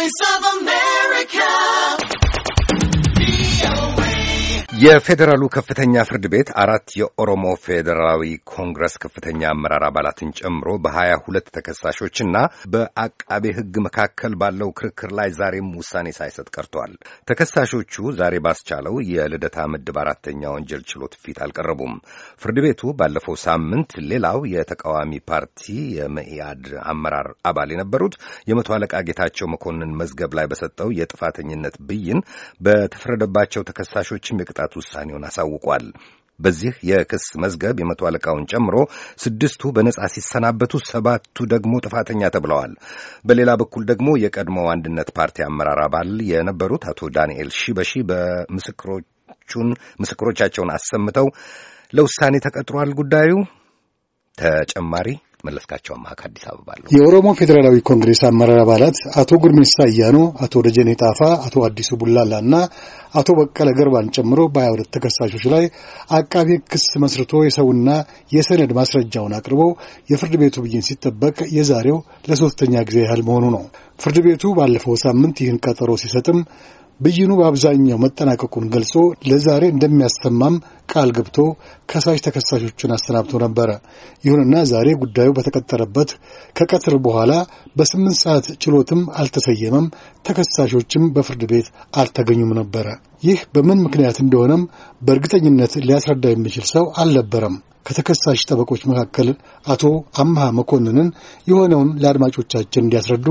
Voice of የፌዴራሉ ከፍተኛ ፍርድ ቤት አራት የኦሮሞ ፌዴራላዊ ኮንግረስ ከፍተኛ አመራር አባላትን ጨምሮ በሀያ ሁለት ተከሳሾችና በአቃቤ ሕግ መካከል ባለው ክርክር ላይ ዛሬም ውሳኔ ሳይሰጥ ቀርቷል። ተከሳሾቹ ዛሬ ባስቻለው የልደታ ምድብ አራተኛ ወንጀል ችሎት ፊት አልቀረቡም። ፍርድ ቤቱ ባለፈው ሳምንት ሌላው የተቃዋሚ ፓርቲ የመኢአድ አመራር አባል የነበሩት የመቶ አለቃ ጌታቸው መኮንን መዝገብ ላይ በሰጠው የጥፋተኝነት ብይን በተፈረደባቸው ተከሳሾችም የቅጣት ለመቅጣት ውሳኔውን አሳውቋል። በዚህ የክስ መዝገብ የመቶ አለቃውን ጨምሮ ስድስቱ በነጻ ሲሰናበቱ ሰባቱ ደግሞ ጥፋተኛ ተብለዋል። በሌላ በኩል ደግሞ የቀድሞው አንድነት ፓርቲ አመራር አባል የነበሩት አቶ ዳንኤል ሺበሺ በምስክሮቹን ምስክሮቻቸውን አሰምተው ለውሳኔ ተቀጥሯል። ጉዳዩ ተጨማሪ መለስካቸው አማሃ ከአዲስ አበባ አለ። የኦሮሞ ፌዴራላዊ ኮንግሬስ አመራር አባላት አቶ ጉርሜሳ አያኖ፣ አቶ ደጀኔ ጣፋ፣ አቶ አዲሱ ቡላላ እና አቶ በቀለ ገርባን ጨምሮ በሀያ ሁለት ተከሳሾች ላይ አቃቤ ክስ መስርቶ የሰውና የሰነድ ማስረጃውን አቅርቦ የፍርድ ቤቱ ብይን ሲጠበቅ የዛሬው ለሶስተኛ ጊዜ ያህል መሆኑ ነው። ፍርድ ቤቱ ባለፈው ሳምንት ይህን ቀጠሮ ሲሰጥም ብይኑ በአብዛኛው መጠናቀቁን ገልጾ ለዛሬ እንደሚያሰማም ቃል ገብቶ ከሳሽ ተከሳሾችን አሰናብቶ ነበረ። ይሁንና ዛሬ ጉዳዩ በተቀጠረበት ከቀትር በኋላ በስምንት ሰዓት ችሎትም አልተሰየመም፣ ተከሳሾችም በፍርድ ቤት አልተገኙም ነበረ። ይህ በምን ምክንያት እንደሆነም በእርግጠኝነት ሊያስረዳ የሚችል ሰው አልነበረም። ከተከሳሽ ጠበቆች መካከል አቶ አምሃ መኮንንን የሆነውን ለአድማጮቻችን እንዲያስረዱ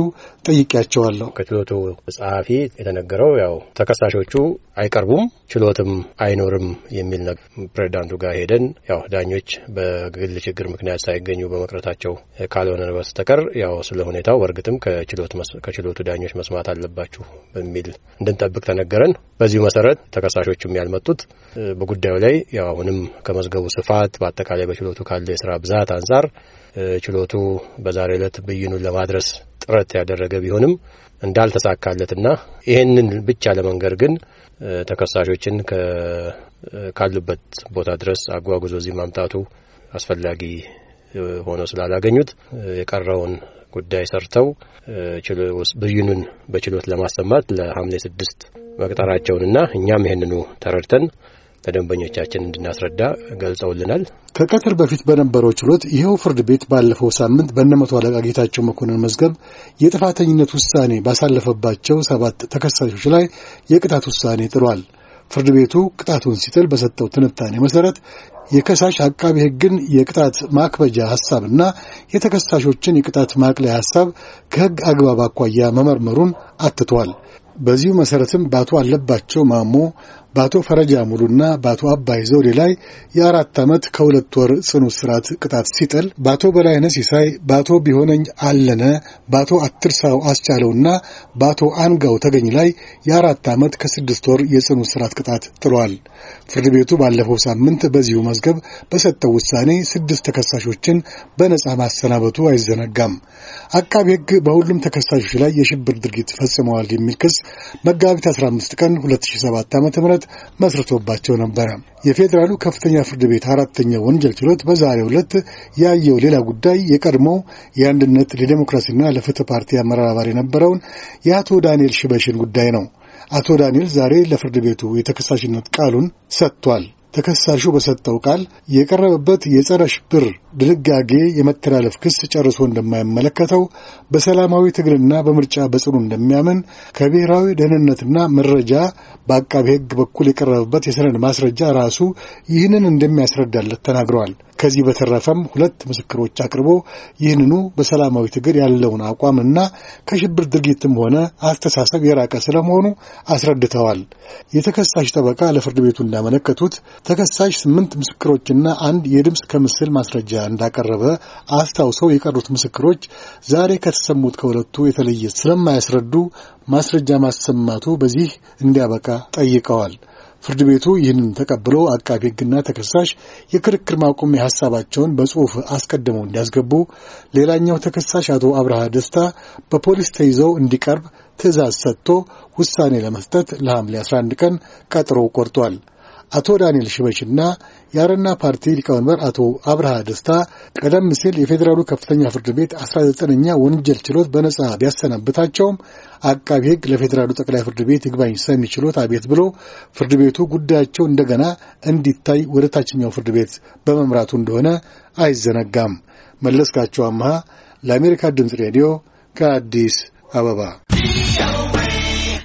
ጠይቄያቸዋለሁ። ከችሎቱ ጸሐፊ የተነገረው ያው ተከሳሾቹ አይቀርቡም፣ ችሎትም አይኖርም የሚል ነገር ፕሬዚዳንቱ ጋር ሄደን ያው ዳኞች በግል ችግር ምክንያት ሳይገኙ በመቅረታቸው ካልሆነ በስተቀር ያው ስለ ሁኔታው በእርግጥም ከችሎቱ ዳኞች መስማት አለባችሁ በሚል እንድንጠብቅ ተነገረን። በዚሁ መሰረት ተከሳሾችም ያልመጡት በጉዳዩ ላይ ያው አሁንም ከመዝገቡ ስፋት በአጠቃላይ በችሎቱ ካለ የስራ ብዛት አንጻር ችሎቱ በዛሬ ዕለት ብይኑን ለማድረስ ጥረት ያደረገ ቢሆንም እንዳልተሳካለትና ይህንን ብቻ ለመንገር ግን ተከሳሾችን ካሉበት ቦታ ድረስ አጓጉዞ እዚህ ማምጣቱ አስፈላጊ ሆኖ ስላላገኙት የቀረውን ጉዳይ ሰርተው ብይኑን በችሎት ለማሰማት ለሐምሌ ስድስት መቅጠራቸውንና እኛም ይህንኑ ተረድተን ለደንበኞቻችን እንድናስረዳ ገልጸውልናል። ከቀትር በፊት በነበረው ችሎት ይኸው ፍርድ ቤት ባለፈው ሳምንት በእነመቶ አለቃ ጌታቸው መኮንን መዝገብ የጥፋተኝነት ውሳኔ ባሳለፈባቸው ሰባት ተከሳሾች ላይ የቅጣት ውሳኔ ጥሏል። ፍርድ ቤቱ ቅጣቱን ሲጥል በሰጠው ትንታኔ መሰረት የከሳሽ አቃቢ ሕግን የቅጣት ማክበጃ ሐሳብና የተከሳሾችን የቅጣት ማቅለያ ሐሳብ ከሕግ አግባብ አኳያ መመርመሩን አትቷል። በዚሁ መሠረትም በአቶ አለባቸው ማሞ በአቶ ፈረጃ ሙሉና በአቶ አባይ ዘውዴ ላይ የአራት ዓመት ከሁለት ወር ጽኑ እስራት ቅጣት ሲጥል በአቶ በላይነ ሲሳይ፣ በአቶ ቢሆነኝ አለነ፣ በአቶ አትርሳው አስቻለውና በአቶ አንጋው ተገኝ ላይ የአራት ዓመት ከስድስት ወር የጽኑ እስራት ቅጣት ጥሏል። ፍርድ ቤቱ ባለፈው ሳምንት በዚሁ መዝገብ በሰጠው ውሳኔ ስድስት ተከሳሾችን በነጻ ማሰናበቱ አይዘነጋም። አቃቢ ሕግ በሁሉም ተከሳሾች ላይ የሽብር ድርጊት ፈጽመዋል የሚል ክስ መጋቢት 15 ቀን 2007 ዓ ም መስርቶባቸው ነበረ። የፌዴራሉ ከፍተኛ ፍርድ ቤት አራተኛው ወንጀል ችሎት በዛሬው ዕለት ያየው ሌላ ጉዳይ የቀድሞ የአንድነት ለዴሞክራሲና ለፍትህ ፓርቲ አመራር አባል የነበረውን የአቶ ዳንኤል ሽበሽን ጉዳይ ነው። አቶ ዳንኤል ዛሬ ለፍርድ ቤቱ የተከሳሽነት ቃሉን ሰጥቷል። ተከሳሹ በሰጠው ቃል የቀረበበት የጸረ ሽብር ድንጋጌ የመተላለፍ ክስ ጨርሶ እንደማይመለከተው በሰላማዊ ትግልና በምርጫ በጽኑ እንደሚያምን ከብሔራዊ ደህንነትና መረጃ በአቃቤ ሕግ በኩል የቀረበበት የሰነድ ማስረጃ ራሱ ይህንን እንደሚያስረዳለት ተናግረዋል። ከዚህ በተረፈም ሁለት ምስክሮች አቅርቦ ይህንኑ በሰላማዊ ትግል ያለውን አቋምና ከሽብር ድርጊትም ሆነ አስተሳሰብ የራቀ ስለመሆኑ አስረድተዋል። የተከሳሽ ጠበቃ ለፍርድ ቤቱ እንዳመለከቱት ተከሳሽ ስምንት ምስክሮችና አንድ የድምፅ ከምስል ማስረጃ እንዳቀረበ አስታውሰው የቀሩት ምስክሮች ዛሬ ከተሰሙት ከሁለቱ የተለየ ስለማያስረዱ ማስረጃ ማሰማቱ በዚህ እንዲያበቃ ጠይቀዋል። ፍርድ ቤቱ ይህንን ተቀብሎ አቃቢ ሕግና ተከሳሽ የክርክር ማቆሚያ ሀሳባቸውን በጽሑፍ አስቀድመው እንዲያስገቡ፣ ሌላኛው ተከሳሽ አቶ አብርሃ ደስታ በፖሊስ ተይዘው እንዲቀርብ ትዕዛዝ ሰጥቶ ውሳኔ ለመስጠት ለሐምሌ 11 ቀን ቀጥሮ ቆርጧል። አቶ ዳንኤል ሽበሽና የአረና ፓርቲ ሊቀመንበር አቶ አብርሃ ደስታ ቀደም ሲል የፌዴራሉ ከፍተኛ ፍርድ ቤት አስራ ዘጠነኛ ወንጀል ችሎት በነጻ ቢያሰናብታቸውም አቃቢ ሕግ ለፌዴራሉ ጠቅላይ ፍርድ ቤት ይግባኝ ሰሚ ችሎት አቤት ብሎ ፍርድ ቤቱ ጉዳያቸው እንደገና እንዲታይ ወደ ታችኛው ፍርድ ቤት በመምራቱ እንደሆነ አይዘነጋም። መለስካቸው አምሃ ለአሜሪካ ድምፅ ሬዲዮ ከአዲስ አበባ